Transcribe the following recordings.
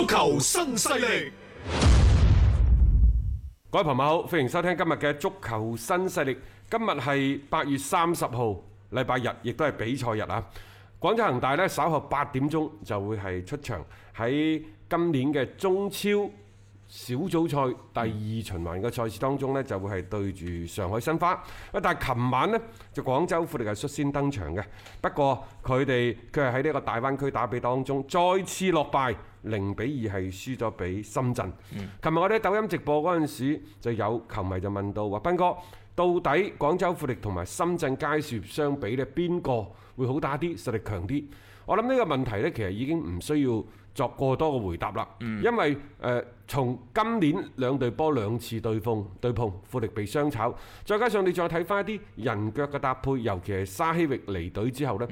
足球新勢力，各位朋友好，歡迎收聽今日嘅足球新勢力。今日係八月三十號，禮拜日，亦都係比賽日啊！廣州恒大呢，稍後八點鐘就會係出場喺今年嘅中超。小組賽第二循環嘅賽事當中呢，就會係對住上海申花。但係琴晚呢，就廣州富力係率先登場嘅。不過佢哋佢係喺呢個大灣區打比當中，再次落敗零比二，係輸咗俾深圳。琴日我哋喺抖音直播嗰陣時就有球迷就問到話：斌哥，到底廣州富力同埋深圳佳兆業相比咧，邊個會好打啲、實力強啲？我諗呢個問題呢，其實已經唔需要作過多嘅回答啦，因為誒從今年兩隊波兩次對鋒對碰，富力被雙炒，再加上你再睇返一啲人腳嘅搭配，尤其係沙希域離隊之後咧，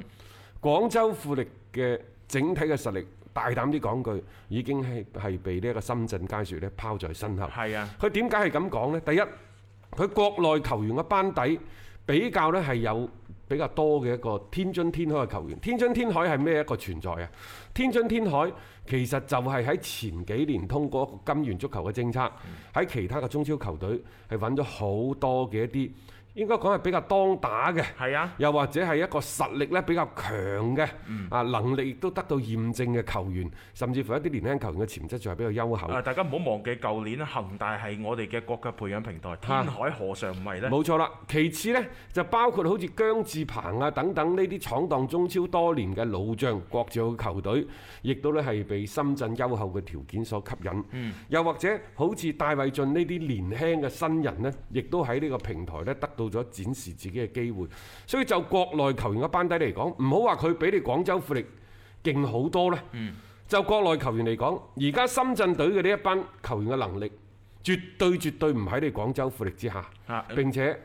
廣州富力嘅整體嘅實力，大膽啲講句，已經係係被呢一個深圳佳兆咧拋在身後。係啊，佢點解係咁講咧？第一，佢國內球員嘅班底比較咧係有。比較多嘅一個天津天海嘅球員，天津天海係咩一個存在啊？天津天海其實就係喺前幾年通過一個金元足球嘅政策，喺其他嘅中超球隊係揾咗好多嘅一啲。應該講係比較當打嘅，又或者係一個實力咧比較強嘅，啊能力亦都得到驗證嘅球員，甚至乎一啲年輕球員嘅潛質仲係比較優厚。大家唔好忘記舊年恒大係我哋嘅國腳培養平台，天海何嘗唔係咧？冇錯啦。其次呢，就包括好似姜志鵬啊等等呢啲闖蕩中超多年嘅老將，國腳嘅球隊，亦都咧係被深圳優厚嘅條件所吸引。又或者好似戴偉浚呢啲年輕嘅新人呢，亦都喺呢個平台咧得到。到咗展示自己嘅機會，所以就國內球員嘅班底嚟講，唔好話佢比你廣州富力勁好多啦。就國內球員嚟講，而家深圳隊嘅呢一班球員嘅能力，絕對絕對唔喺你廣州富力之下。並且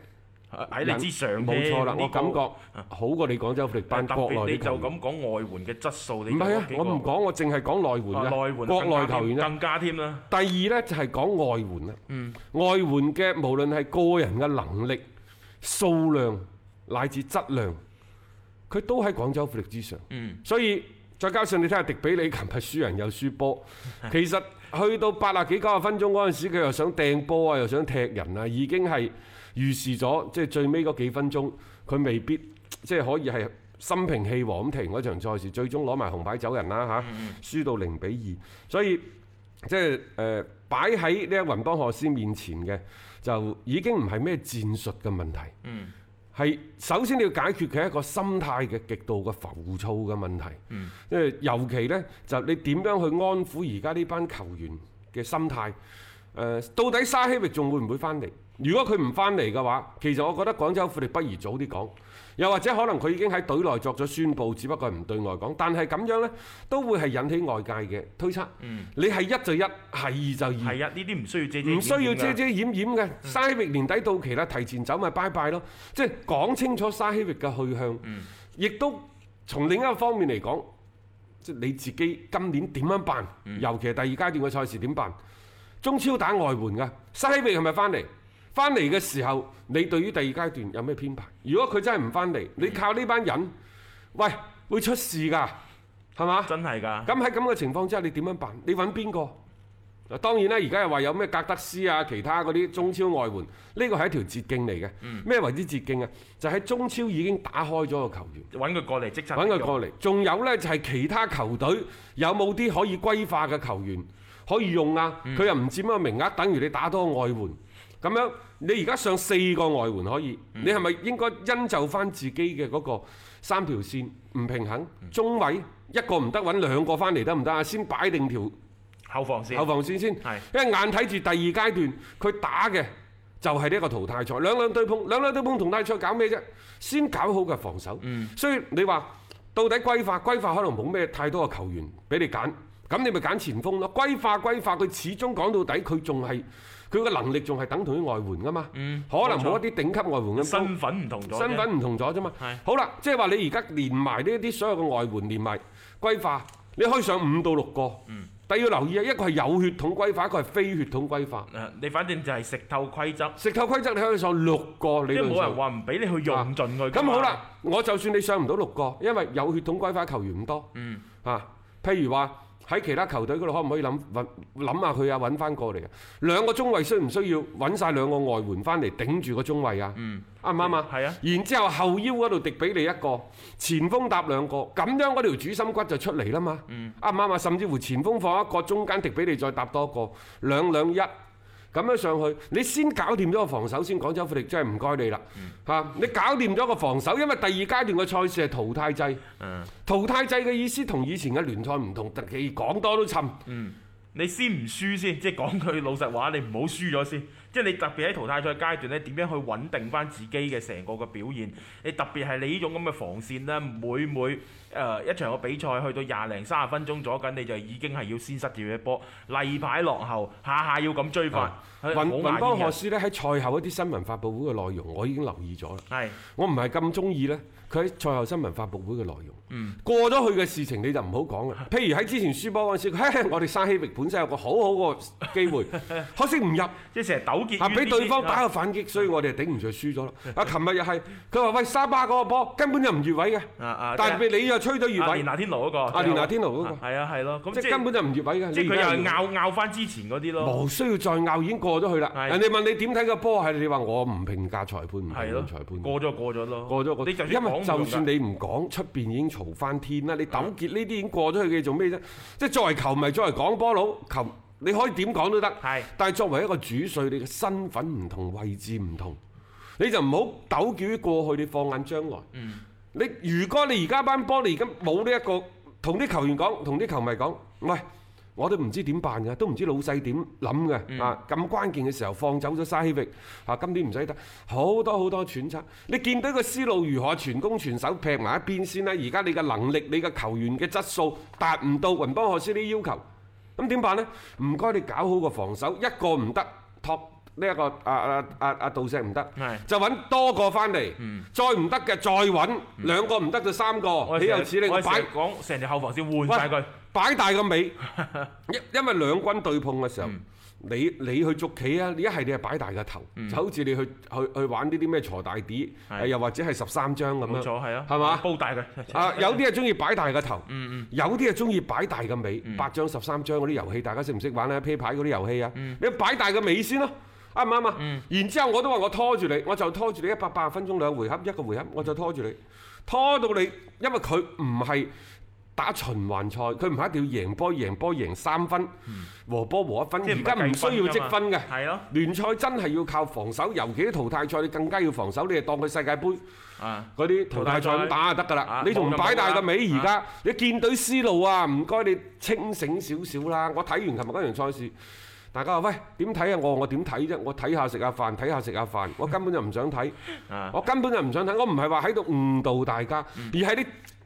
喺你之上。冇錯啦，我感覺好過你廣州富力班底。你就咁講外援嘅質素，你唔係啊？我唔講，我淨係講內援啊，內援更加添。更加添啦。第二呢就係講外援啊。外援嘅無論係個人嘅能力。數量乃至質量，佢都喺廣州富力之上。嗯、所以再加上你睇下迪比利，琴日輸人又輸波。其實去到八啊幾九十分鐘嗰陣時，佢又想掟波啊，又想踢人啊，已經係預示咗，即係最尾嗰幾分鐘，佢未必即係可以係心平氣和咁停嗰場賽事，最終攞埋紅牌走人啦吓，輸到零比二。所以即係誒擺喺呢一雲當河師面前嘅，就已經唔係咩戰術嘅問題，係、嗯、首先你要解決佢一個心態嘅極度嘅浮躁嘅問題，因為、嗯、尤其呢，就你點樣去安撫而家呢班球員嘅心態？誒、呃，到底沙希域仲會唔會翻嚟？如果佢唔翻嚟嘅話，其實我覺得廣州富力不如早啲講，又或者可能佢已經喺隊內作咗宣佈，只不過係唔對外講。但係咁樣呢，都會係引起外界嘅推測。你係一就一，係二就二。係啊，呢啲唔需要遮遮，唔需要遮遮掩掩嘅。沙希域年底到期啦，提前走咪拜拜咯。即係講清楚沙希域嘅去向，亦、嗯、都從另一個方面嚟講，即係你自己今年點樣辦？尤其係第二階段嘅賽事點辦？中超打外援嘅沙希域係咪翻嚟？翻嚟嘅時候，你對於第二階段有咩編排？如果佢真係唔翻嚟，你靠呢班人，喂，會出事㗎，係嘛？真係㗎。咁喺咁嘅情況之下，你點樣辦？你揾邊個？嗱，當然啦，而家又話有咩格德斯啊，其他嗰啲中超外援，呢個係一條捷徑嚟嘅。咩為之捷徑啊？就喺中超已經打開咗個球員，揾佢過嚟即刻。揾佢過嚟。仲有呢，就係其他球隊有冇啲可以歸化嘅球員可以用啊？佢又唔佔乜嘅名額，等於你打多個外援。咁樣，你而家上四個外援可以，嗯、你係咪應該因就翻自己嘅嗰個三條線唔平衡？中位一個唔得，揾兩個翻嚟得唔得啊？先擺定條後防線，後防線先，是 因為眼睇住第二階段佢打嘅就係呢一個淘汰賽，兩兩對碰，兩兩對碰淘汰賽搞咩啫？先搞好嘅防守。嗯、所以你話到底規化規化可能冇咩太多嘅球員俾你揀，咁你咪揀前鋒咯。歸化歸化佢始終講到底佢仲係。他還是佢個能力仲係等同於外援噶嘛？嗯，可能冇一啲頂級外援嘅。身份唔同咗。身份唔同咗啫嘛。係。好啦，即係話你而家連埋呢一啲所有嘅外援，連埋歸化，你可以上五到六個。嗯。但係要留意啊，一個係有血統歸化，一個係非血統歸化。誒，你反正就係食透規則。食透規則，你可以上六個。因為冇人話唔俾你去用盡佢。咁好啦，我就算你上唔到六個，因為有血統歸化球員唔多。嗯。嚇，譬如話。喺其他球隊嗰度可唔可以諗揾下佢啊，揾翻過嚟啊？兩個中衛需唔需要揾晒兩個外援翻嚟頂住個中衛啊？嗯。啱唔啱呀？係啊、嗯。然之後後腰嗰度疊俾你一個，前鋒搭兩個，咁樣嗰條主心骨就出嚟啦嘛。嗯。啱唔啱呀，甚至乎前鋒放一個，中間疊俾你再搭多一個，兩兩一。咁樣上去，你先搞掂咗個防守先講福利。廣州富力真係唔該你啦吓、嗯、你搞掂咗個防守，因為第二階段嘅賽事係淘汰制。嗯、淘汰制嘅意思同以前嘅聯賽唔同，特別講多都襯、嗯。你先唔輸先，即係講句老實話，你唔好輸咗先。即係你特別喺淘汰賽階段呢，點樣去穩定翻自己嘅成個嘅表現？你特別係你呢種咁嘅防線呢，每每。誒一場個比賽去到廿零三十分鐘咗緊，你就已經係要先失掉一波例牌落後，下下要咁追返。雲雲邦學士呢喺賽後一啲新聞發佈會嘅內容，我已經留意咗啦。係，我唔係咁中意呢，佢喺賽後新聞發佈會嘅內容。嗯，過咗去嘅事情你就唔好講啦。譬如喺之前輸波嗰陣時，我哋沙希域本身有個好好個機會，可惜唔入，即係成日糾結。啊，俾對方打個反擊，所以我哋就頂唔住輸咗咯。啊，琴日又係佢話喂，沙巴嗰個波根本就唔越位嘅，啊啊，但係你吹到越位，阿連拿天奴嗰個啊，連拿天奴嗰個係啊，係咯，即係根本就唔越位嘅，即係佢又係拗拗翻之前嗰啲咯。冇需要再拗，已經過咗去啦。人哋問你點睇個波，係你話我唔評價裁判，唔評價裁判。過咗過咗咯，過咗過。你就算講唔講，因為就算你唔講，出邊已經嘈翻天啦。你糾結呢啲已經過咗去嘅，做咩啫？即係作為球迷，作為講波佬，球你可以點講都得。係，但係作為一個主帥，你嘅身份唔同，位置唔同，你就唔好糾結於過去。你放眼將來。嗯。如果你而家班波，你而家冇呢一個同啲球員講、這個，同啲球，球迷講，喂，我都唔知點辦嘅，都唔知老細點諗嘅啊！咁關鍵嘅時候放走咗沙希域啊，今年唔使得，好多好多揣測。你見到個思路如何全攻全守劈埋一邊先啦、啊。而家你嘅能力、你嘅球員嘅質素達唔到雲邦賀斯啲要求，咁點辦呢？唔該你搞好個防守，一個唔得，託。呢一個啊啊啊啊杜勝唔得，就揾多個翻嚟，再唔得嘅再揾兩個唔得就三個，豈有此理！我擺成條後防先換曬佢，擺大個尾。因為兩軍對碰嘅時候，你你去捉棋啊！你一係你係擺大個頭，就好似你去去去玩呢啲咩鋤大碟，又或者係十三張咁樣，係啊，係嘛？煲大嘅啊，有啲係中意擺大個頭，有啲係中意擺大個尾。八張、十三張嗰啲遊戲，大家識唔識玩咧？啤牌嗰啲遊戲啊，你擺大個尾先咯。啱唔啱啊？對對嗯，然之後我都話我拖住你，我就拖住你一百八十分鐘兩回合，一個回合，我就拖住你，拖到你，因為佢唔係打循環賽，佢唔係一定要贏波，贏波贏三分，和波和一分。而家唔需要積分嘅，聯賽對、啊、真係要靠防守，尤其啲淘汰賽你更加要防守，你就當佢世界盃嗰啲淘汰賽咁打就得㗎啦！啊、你仲唔擺大個尾而家？你建隊思路啊？唔該你清醒少少啦！我睇完琴日嗰場賽事。大家話喂，點睇啊？我我點睇啫？我睇下食下飯，睇下食下飯。我根本就唔想睇， 我根本就唔想睇。我唔係話喺度誤導大家，而係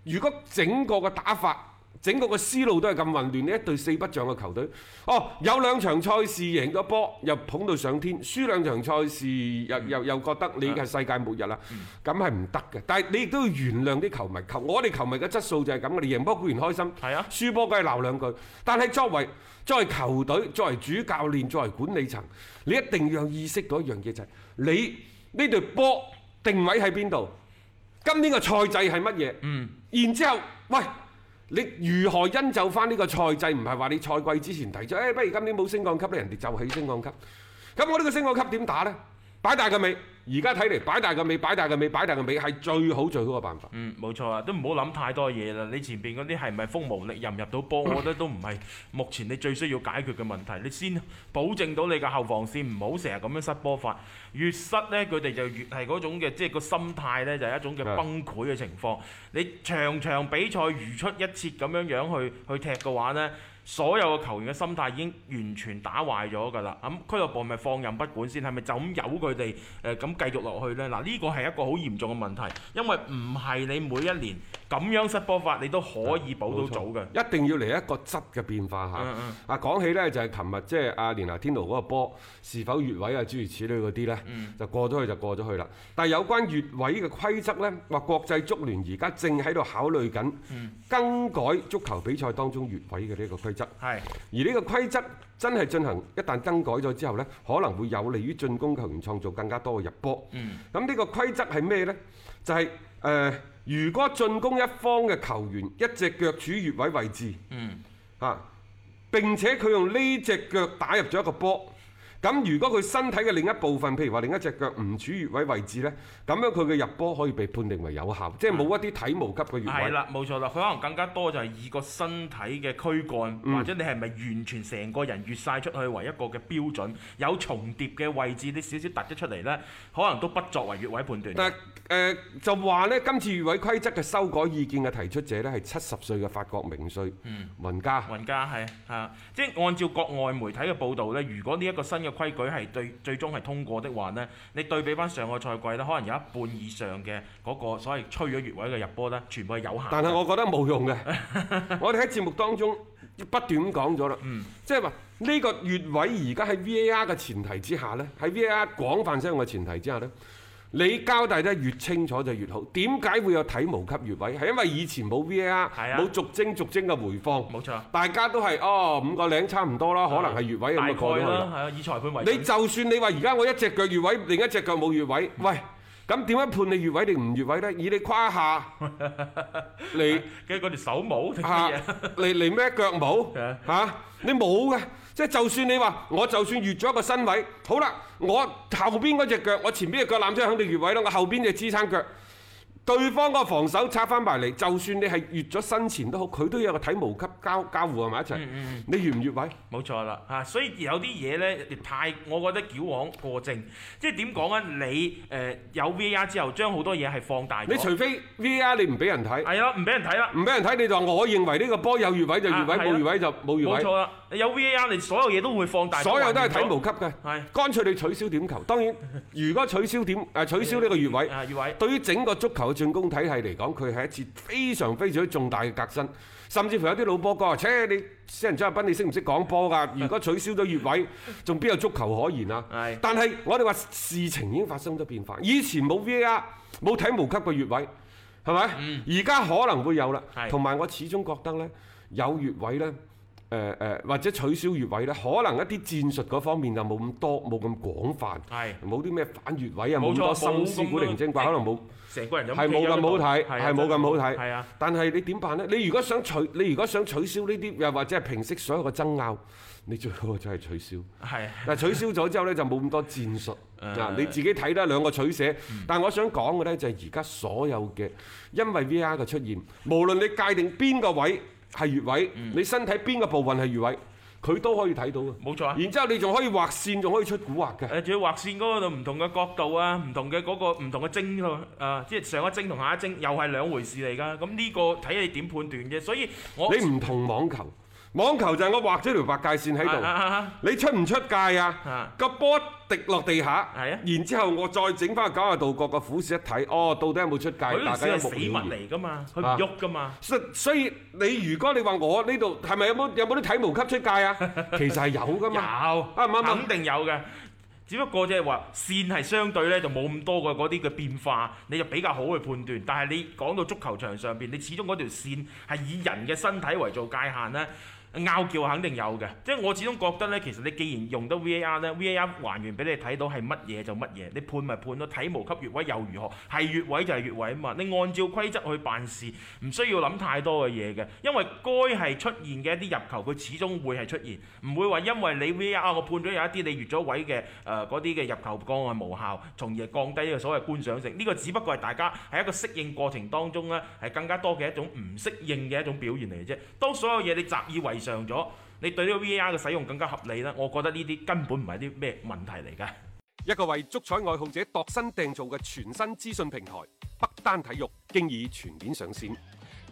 你如果整個嘅打法。整個個思路都係咁混亂，呢一隊四不像嘅球隊，哦，有兩場賽事贏咗波，又捧到上天，輸兩場賽事又，又又、嗯、又覺得你係世界末日啦，咁係唔得嘅。但係你亦都要原諒啲球迷，球我哋球迷嘅質素就係咁，我哋贏波固然開心，係、嗯、輸波梗係鬧兩句。但係作為作為球隊、作為主教練、作為管理層，你一定要有意識到一樣嘢就係、是，你呢隊波定位喺邊度？今年嘅賽制係乜嘢？嗯，然之後，喂。你如何因就返呢個賽制？唔係話你賽季之前提出，誒、哎、不如今年冇升降級，人哋就起升降級。咁我呢個升降級點打呢？擺大格未？而家睇嚟擺大個尾，擺大個尾，擺大個尾係最好最好嘅辦法。嗯，冇錯啊，都唔好諗太多嘢啦。你前邊嗰啲係咪鋒無力入唔入到波？ 我覺得都唔係目前你最需要解決嘅問題。你先保證到你嘅後防線，唔好成日咁樣失波法，越失呢，佢哋就越係嗰種嘅，即係個心態呢，就係、是、一種嘅、就是就是、崩潰嘅情況。是的 你場場比賽如出一轍咁樣樣去去踢嘅話呢。所有嘅球員嘅心態已經完全打壞咗㗎啦，咁俱樂部咪放任不管先，係咪就咁由佢哋誒咁繼續落去呢？嗱，呢個係一個好嚴重嘅問題，因為唔係你每一年咁樣失波法，你都可以補到組嘅，一定要嚟一個質嘅變化吓、嗯。啊、嗯，講起呢，就係琴日即係阿連拿天奴嗰個波是否越位啊，諸如此類嗰啲呢，就過咗去就過咗去啦。但係有關越位嘅規則呢，話國際足聯而家正喺度考慮緊更改足球比賽當中越位嘅呢一個規則。係，是而呢個規則真係進行，一旦更改咗之後呢，可能會有利於進攻球員創造更加多嘅入波。嗯，咁呢個規則係咩呢？就係、是、誒、呃，如果進攻一方嘅球員一隻腳處於越位位置，嗯，吓、啊，並且佢用呢隻腳打入咗一個波。咁如果佢身體嘅另一部分，譬如話另一隻腳唔處於越位位置咧，咁樣佢嘅入波可以被判定為有效，即係冇一啲體毛級嘅越位。係啦，冇錯啦，佢可能更加多就係以個身體嘅軀幹，或者你係咪完全成個人越曬出去為一個嘅標準，有重疊嘅位置，啲少少突出出嚟咧，可能都不作為越位判斷。但係誒就話咧，今次越位規則嘅修改意見嘅提出者咧係七十歲嘅法國名帥，嗯，雲加。雲加係啊，即係按照國外媒體嘅報導咧，如果呢一個新嘅規矩係最最終係通過的話呢，你對比翻上個賽季咧，可能有一半以上嘅嗰個所謂吹咗越位嘅入波呢，全部係有限。但係我覺得冇用嘅。 我哋喺節目當中不斷咁講咗啦，嗯，即係話呢個越位而家喺 VAR 嘅前提之下呢，喺 VAR 廣泛使用嘅前提之下咧。你交代得越清楚就越好。點解會有體毛級越位？係因為以前冇 VAR，冇逐幀逐幀嘅回放。冇錯，大家都係哦，五個領差唔多啦，可能係越位咁啊過咗去。大概啦，係啊，以裁判為主。你就算你話而家我一隻腳越位，另一隻腳冇越位，喂，咁點樣判你越位定唔越位呢？以你胯下嚟嘅嗰條手冇嚇，嚟嚟咩腳冇嚇？你冇嘅。即就算你話，我就算越咗一個身位。好啦，我後邊嗰隻腳，我前邊隻腳攬出嚟肯定越位啦，我後邊隻支撐腳。對方個防守拆翻埋嚟，就算你係越咗身前都好，佢都有一個體毛級交互交互喺埋一齊。嗯嗯、你越唔越位？冇錯啦，嚇！所以有啲嘢咧，我太我覺得矯枉過正。即係點講咧？你誒、呃、有 VAR 之後，將好多嘢係放大。你除非 VAR 你唔俾人睇。係咯，唔俾人睇啦。唔俾人睇，你就話我認為呢個波有越位就越位，冇的越位就冇越位。冇錯啦，你有 VAR 你所有嘢都會放大。所有都係體毛級嘅。係的。乾脆你取消點球。當然，如果取消點誒的取消呢個越位，越越越對於整個足球。進攻體系嚟講，佢係一次非常非常之重大嘅革新，甚至乎有啲老波哥話：切， 你私人張達斌，你識唔識講波㗎？如果取消咗越位，仲邊有足球可言啊？是的 但係我哋話事情已經發生咗變化，以前冇 VAR，冇睇無級嘅越位，係咪？而家、嗯、可能會有啦。同埋是的 我始終覺得呢，有越位呢。誒誒，或者取消越位咧，可能一啲戰術嗰方面就冇咁多，冇咁廣泛，係冇啲咩反越位啊，冇咁多心思古靈精怪，可能冇成個人係冇咁好睇，係冇咁好睇。係啊，但係你點辦咧？你如果想取，你如果想取消呢啲，又或者係平息所有嘅爭拗，你最好就係取消。係，但係取消咗之後咧，就冇咁多戰術。誒，你自己睇得兩個取捨。但係我想講嘅咧，就係而家所有嘅，因為 VR 嘅出現，無論你界定邊個位。係穴位，你身體邊個部分係穴位，佢都可以睇到嘅。冇錯啊，然之後你仲可以畫線，仲可以出蠱惑嘅。誒，仲要畫線嗰度唔同嘅角度啊，唔同嘅嗰個唔同嘅精啊，即係上一精同下一精又係兩回事嚟㗎。咁呢個睇你點判斷啫。所以我你唔同網球。網球就係我畫咗條白界線喺度，你出唔出界啊？個波滴落地下，係啊。然之後我再整翻九十度角個俯視一睇，哦，到底有冇出界？嗰啲是死物嚟㗎嘛，佢唔喐㗎嘛。所所以你如果你話我呢度係咪有冇有冇啲體毛級出界啊？其實係有㗎嘛，有啊，冇冇肯定有嘅。只不過即係話線係相對咧，就冇咁多嘅嗰啲嘅變化，你就比較好去判斷。但係你講到足球場上邊，你始終嗰條線係以人嘅身體為做界限咧。拗撬肯定有嘅，即係我始終覺得咧，其實你既然用得 VAR 咧，VAR 還原俾你睇到係乜嘢就乜嘢，你判咪判咯，體毛級越位又如何？係越位就係越位啊嘛！你按照規則去辦事，唔需要諗太多嘅嘢嘅，因為該係出現嘅一啲入球，佢始終會係出現，唔會話因為你 VAR 我判咗有一啲你越咗位嘅誒嗰啲嘅入球降係無效，從而降低呢個所謂觀賞性。呢個只不過係大家係一個適應過程當中咧，係更加多嘅一種唔適應嘅一種表現嚟嘅啫。當所有嘢你習以為。上咗，你對呢個 VR 嘅使用更加合理啦。我覺得呢啲根本唔係啲咩問題嚟㗎。一個為足彩愛好者度身訂造嘅全新資訊平台北單體育，經已全面上線。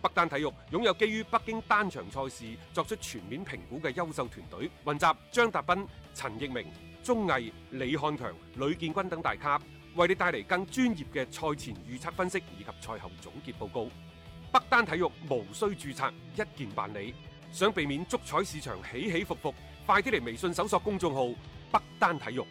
北單體育擁有基於北京單場賽事作出全面評估嘅優秀團隊，雲集張達斌、陳奕明、鍾毅、李漢強、呂建軍等大咖，為你帶嚟更專業嘅賽前預測分析以及賽後總結報告。北單體育無需註冊，一鍵辦理。想避免足彩市場起起伏伏，快啲嚟微信搜索公眾號北單體育。